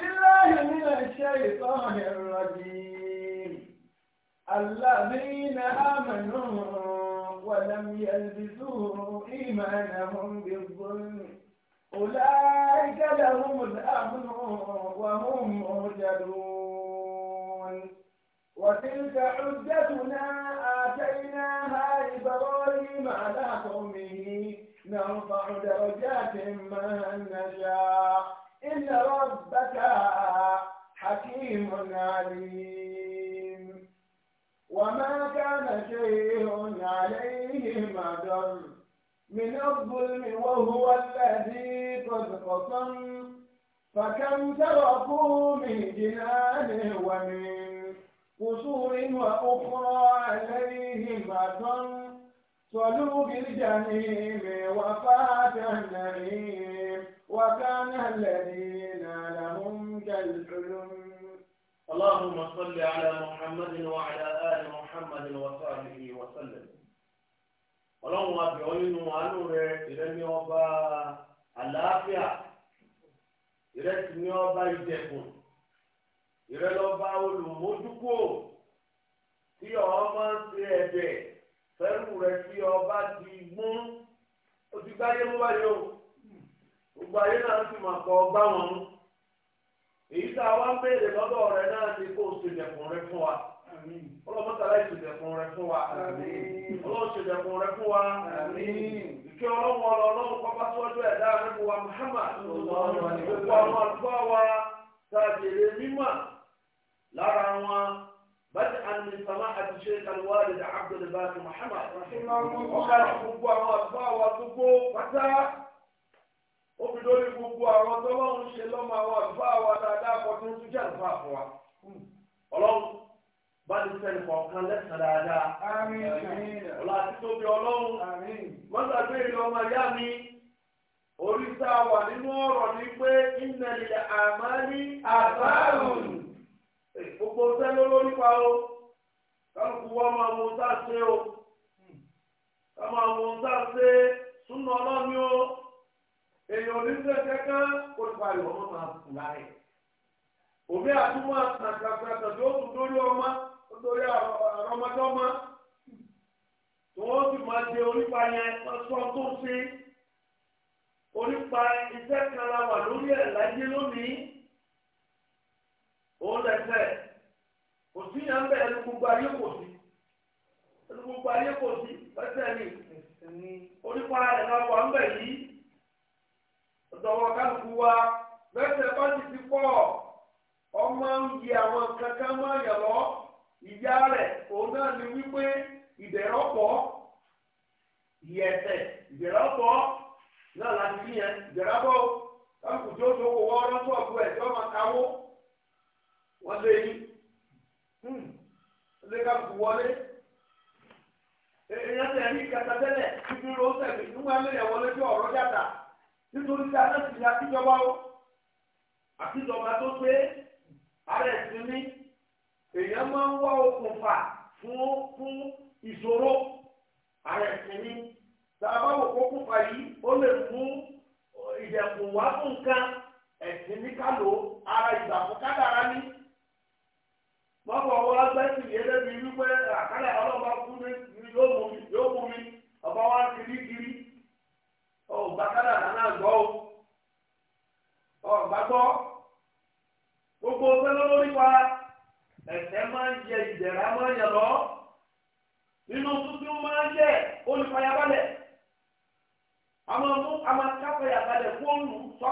بالله من الشيطان الرجيم الذين آمنوا ولم يلبسوا إيمانهم بالظلم أولئك لهم الأمن وهم مهتدون وتلك حجتنا آتيناها إبراهيم على قومه نرفع درجات من نشاء إن ربك حكيم عليم وما كان شيء عليه مدر من الظلم وهو الذي قد قصم فكم تركوا من جنان ومن قصور وأخرى عليهم مدر صلوا بالجحيم وفات النعيم وكان الذين لهم كالحلم اللهم صل على محمد وعلى آل محمد وصحبه وسلم ọlọ́run àbẹ̀wò nínú àánú rẹ ìrẹ́ ní ọba àlàáfíà ìrẹ́ sì ní ọba ìdẹ̀kùn ìrẹ́ lọ́ba olùmójúkò tí ọmọ ń ṣe ẹ̀dẹ̀ fẹ́rù rẹ tí ọba ti gbọ́n ó ti gbáyé mú báyìí o. gbogbo ayé náà sì máa kọ ọgbà wọn mú èyí tá a wá ń béèrè lọ́dọ̀ rẹ náà kó ṣèjẹ̀kùn rẹ fún wa ọlọ́mọtàlá ìṣèjẹ̀kùn rẹ fún wa ọlọ́ṣèjẹ̀kùn rẹ fún wa ìkẹ́ ọlọ́wọ́ ọlọ́run pápá sọ́jọ́ ẹ̀dá àrẹ́bùwà Muhammad gbogbo àwọn àlùfáà wa tàjèrè mímà lára wọn bàtí àmì sàmà àti ṣe kàlùwà lè dà gbogbo àwọn omi lórí gbogbo àwọn tọ́lọ́run ṣe lọ́mọ àwọn àlùfáà wa dáadáa kọ tó ń tún jẹ́ àlùfáà fún wa. Hmm. ọlọ́run bá ti fẹ́ nìkọ̀ọ̀kan lẹ́sàn-án dáadáa. ọ̀la àti tóbi ọlọ́run wọ́n gbàgbé ìlú ọmọ ìyá mi orí tá wà nínú ọ̀rọ̀ ni pé ìnàlẹ̀ àmàlí àbáàrùn gbogbo sẹ́lẹ̀ lórí pa o kálukú wa máa wo tá a ṣe o hmm. ká máa wo tá ṣe súnà ọlọ́run èèyàn onídìrí kẹkẹ olùkọ́ ayọ̀ ọmọ máa kù láàyè òbí àtúmọ̀ àtàkàtà tó tún ọmọ máa jẹ onípa yẹn sọ tó ń onípa kan la wà lórí láyé lónìí òun kò sí ń ẹnu gbogbo ayé kò sí ẹnu gbogbo ayé kò sí onípa ẹ̀ dọ̀wọ́ kálukú wa lẹ́sẹ̀ bá ti ti pọ̀ ọmọ àwọn kankan ma yàn lọ ìyá rẹ̀ òun náà ni wípé ìbẹ̀rẹ̀ ọ̀pọ̀ ìyẹ̀sẹ̀ náà láti rí yẹn ìbẹ̀rẹ̀ ọ̀pọ̀ kálukú tó tó wọ ọ́rọ́ tó ọ̀gbọ́ lé hmm. wọlé nítorí tí aná sì ní àtijọba ó àtijọba tó gbé ara ẹ̀sìn ní èèyàn máa ń wá okùnfà fún fún ìṣòro ara ẹ̀sìn ní tá a bá wò yìí ó lè mú ìdẹ̀kùn wá fún nǹkan ẹ̀sìn ní ká ara ìgbà fún kádàrá ní.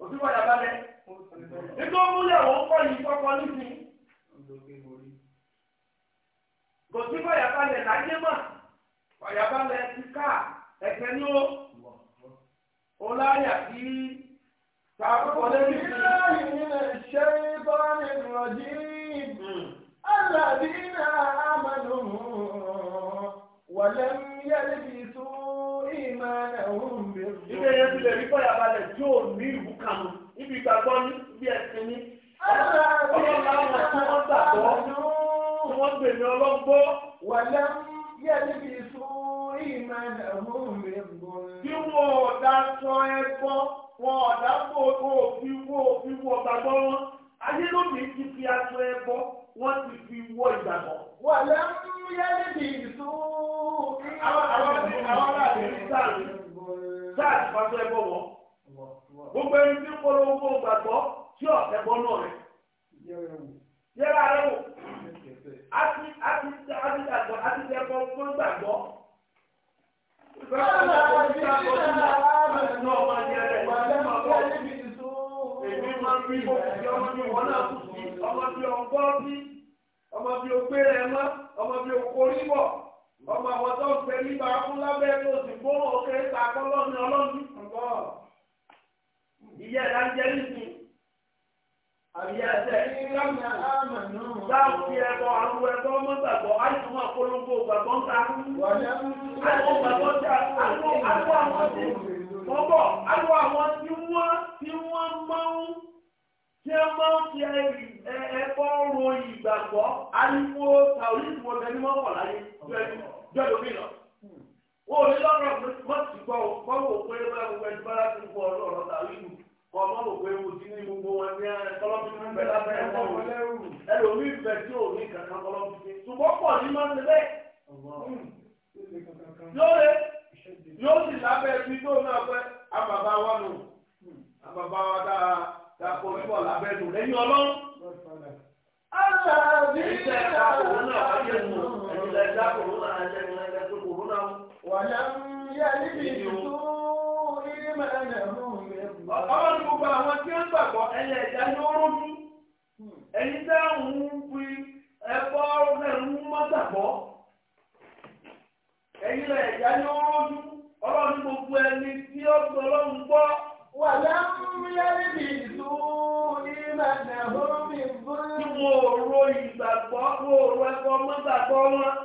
òbí wọ̀nyà balẹ̀ nítorí múyàwó kọ́ yìí kọ́kọ́ nísìnyí kò sí wọ̀nyà balẹ̀ láyé mọ̀ wọ̀nyà balẹ̀ ti ká ẹ̀kẹ́ ní o ó láyà sàkókò lẹ́yìn sí. ìlànà ìrìnà ìṣe bá ní ìrọ̀jì الذين آمنوا ولم يلبسوا إيمانهم بالظلم. إذا يبي لريبا يا بالجون ميرو níbi ìgbàgbọ́ ní bí ẹ̀sìn ní. ọlọ́run láwọn tí wọ́n gbàgbọ́ tí wọ́n gbèmí ọlọ́gbọ́. wàlẹ́ yẹ́ níbi ìfún ìmọ̀ ẹ̀hún mi gbọ́. bí wọn ò dá sọ ẹ gbọ́ wọn ò dá kó òfin wọ òfin wọ gbàgbọ́ wọn ayélujára ti fi aṣọ ẹ gbọ́ wọ́n ti fi wọ ìgbàgbọ́. wàlẹ́ polongo gbàgbọ́ tí ọ̀fẹ́ bọ́ náà rẹ̀. yẹ́ra rẹ̀ ọmọ ọmọ ọmọ ìyá ẹ̀rá ń jẹ́ nìsín. Àbíyá ẹsẹ̀. Ìyá àmà náà. Sáàpì ẹ̀kọ́ àwọn ẹ̀kọ́ mọ́tàgbọ́, àìsàn máa polongo gbàgbọ́ ń ta. Àwọn gbàgbọ́ ń ta àwọn àwọn ti mọ́bọ̀ àwọn àwọn tí wọ́n tí wọ́n máa ń tí wọ́n máa ń fi ẹ̀kọ́ ro ìgbàgbọ́. Ariwo tàwọn ìdìbò ọ̀gá ni wọ́n wọ̀ láyé. Bẹ́ẹ̀ni, bẹ́ẹ̀ lómi náà wọ́n ò ní lọ́rọ̀ mọ́ ti gbọ́ ọ mọ́ wò pé máa wọ ẹni bára ti wọ ọlọ́rọ̀ tàbí ìlú kọ́ mọ́ wò pé mo ti ní gbogbo wọn ní kọ́lọ́fíìsì bẹ́ẹ̀ lábẹ́ ẹ̀kọ́ wọn ẹlòmíì bẹ̀ tí ò ní kankan kọ́lọ́fíìsì ṣùgbọ́n pọ̀ ní máa ń ṣe bẹ́ẹ̀ yóò lé yóò sì lábẹ́ ibi tó náà fẹ́ àbàbà wa nù àbàbà wa dáa dáa kò ní bọ̀ lábẹ́ nù lẹ́yìn ọlọ́run. Àlàbí ìjẹta kòrónà wáyé mu ìjẹta kòrónà ẹ̀jẹ̀ ìrìnàjò kòrónà wọn. ولم يلبسوا إيمانهم ọlọ́run gbogbo àwọn tí ó ń gbàgbọ́ ẹyẹ ẹ̀dá ni ó rọ́jú ẹni tẹ́ òun ń fi ẹ̀fọ́ gbogbo ẹni tí ó wà ìlú mi bú. ìgbàgbọ́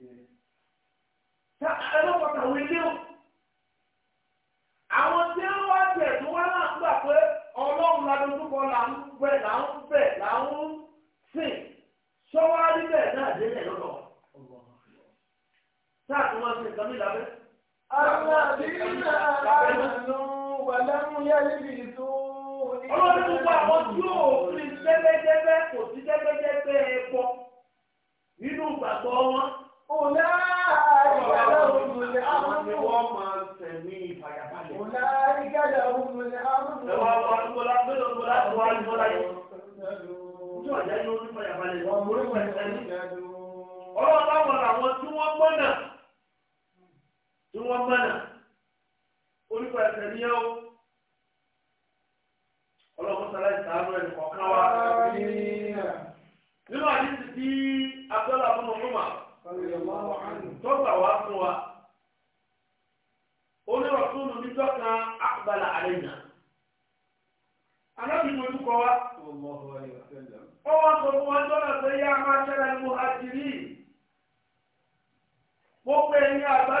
ẹlọ́pàá tàwọn ilé o. àwọn tí wọ́n wá tẹ̀ tó wá náà gbà pé ọlọ́run ládojúkọ là ń gbẹ là ń bẹ̀ là ń sìn sọ́wọ́ níbẹ̀ náà délẹ̀ lọ́dọ̀. sáà tí wọ́n ti nǹkan mi lábẹ́. àwọn àbí náà àlùnú wà lẹ́nu yẹ́lí bìí tó. ọlọ́run gbogbo àwọn tí yóò fi jẹ́gbẹ́jẹ́gbẹ́ kò sí jẹ́gbẹ́jẹ́. ní bọ́lá yẹn. Ojú láwọn làwọn tí wọ́n mọ̀nà. Tí wọ́n mọ̀nà. Orúkọ ẹ̀sẹ̀ ni yẹn o. Ọlọ́run sọ láì ẹni àgbá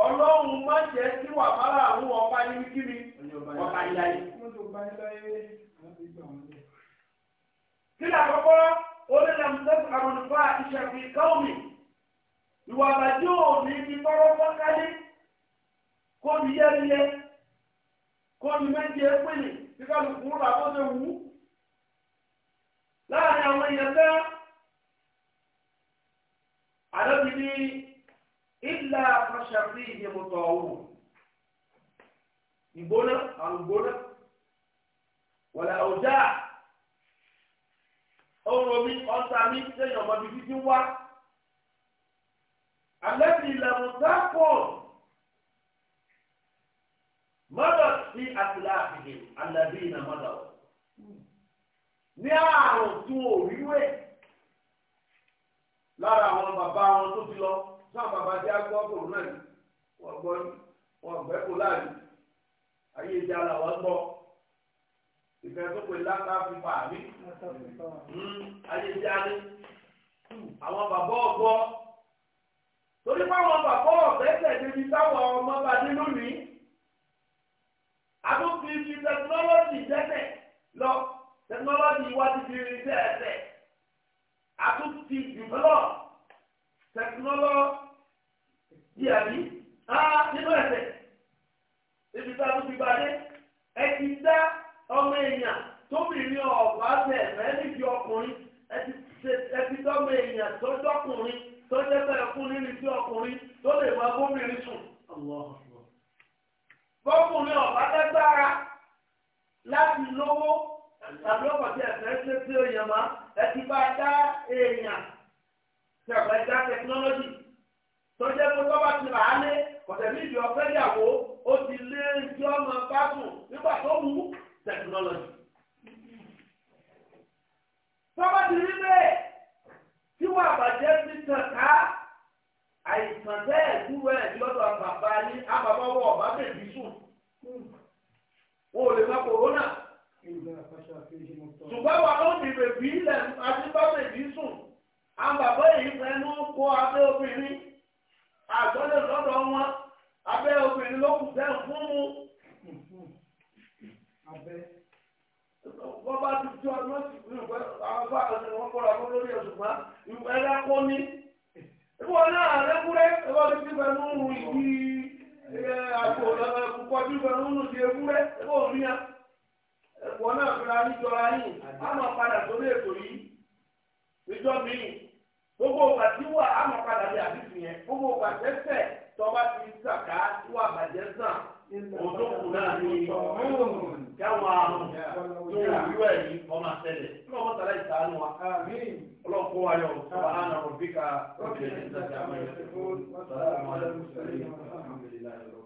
ọlọ́run má jẹ́ kí wà bára àwọn ọba yín kíni ọba ìyáyé. kílà kọ́kọ́ onílàmùsẹ́sì àrùnfà ìṣẹ̀fì káwọ̀mì ìwà àbájọ́ òní ti tọrọ fọ́nkálí kó ní yẹ́rìyẹ́ kó ní méjì épìlì tí kálukú rà kó ṣe wù ú. láàrin àwọn èèyàn tẹ́ àdókìdí ilà fàṣàfì ìyẹmọtọ ọhún ìgbóná àrùn gbóná wàlà ọjà ọrùn omi ọta mi lẹ́yìn ọmọ bíbí ti wá alẹ́ ti ìlànà sáfọ̀ mọ́tò sí àtìlá àfihàn alẹ́ ìlànà mọ́tò ní àrùn tún òwúwẹ̀ lára àwọn bàbá wọn tó ti lọ sáà bàbá tí a gbọ́ kò náà ni wọ́n gbọ́ ni wọ́n gbẹ́ kó láàyè ayé ìjà làwọn gbọ́ ìfẹ́ tó pè láta fi fà mí hmm, ayé ìjà ni àwọn bàbá ọ̀gbọ́ torí báwọn bàbá ọ̀fẹ́ tẹ̀lé ní táwọn ọmọ bá dé lónìí àtúntì ti tẹkinọ́lọ́jì tẹ́tẹ̀ lọ tẹkinọ́lọ́jì iwájú ti rí tẹ́tẹ̀ àtúntì dìbọ́lọ̀ tẹkinọ́lọ́jì yí àbí á nínú ẹ̀sẹ̀ ibi tá a tún fi balẹ̀ ẹ ti dá ọmọ èèyàn tóbi ní ọ̀gbà tẹ̀ fẹ́ẹ́ níbi ọkùnrin fẹ́yàwó ó ti lé ẹjọ́ ọmọ fásùn nígbà tó wù tẹkinọ́lọ́jì. Tọ́ba ti rí bẹ́ẹ̀ tí wọ́n àbàjẹ́ ti tàn ká àìsàn bẹ́ẹ̀ dúró ẹ̀ lọ́dọ̀ bàbá yín àbàbọ̀ wọ̀ ọ̀bá bèbí sùn. Wọ́n ò lè má kòrónà. Ṣùgbọ́n wa ló ní bèbí ilẹ̀ àti bá bèbí sùn. Àwọn bàbá yìí fẹ́ ló kó abẹ́ obìnrin. Àgbọ̀dọ̀ lọ́dọ̀ wọn. abẹ́ obìnrin ló kù sẹ́ fún un. wọ́n bá ti tí ọdún ọ̀sìn fún àwọn bá àwọn ọmọ kọ́ra fún lórí ẹ̀sùn pa ìwé ẹ̀dá kọ́ ìwọ náà lẹ́kúrẹ́ ẹ̀wọ́n ti ti fẹ́ẹ́ mú ìdí àpò ti fẹ́ẹ́ ya. ẹ̀kọ́ náà padà sórí ètò yìí níjọ́ gbogbo ògbà tí wà á padà bí àdìsí yẹn gbogbo tọ́ba ti sàkà tó àbàjẹ́ sàn òdòkù náà ní káwọn àrùn tó wíwá yìí ọmọ àtẹlẹ ọlọ́wọ́ tàlá ìsàánú wa ọlọ́kọ́ wa yọ ọ̀sán àná rọ̀bíkà rọ̀bíkà ìsàkà àmọ́ ìyẹn tó fún wa sàlámù aláìmùsàlẹ̀ yìí.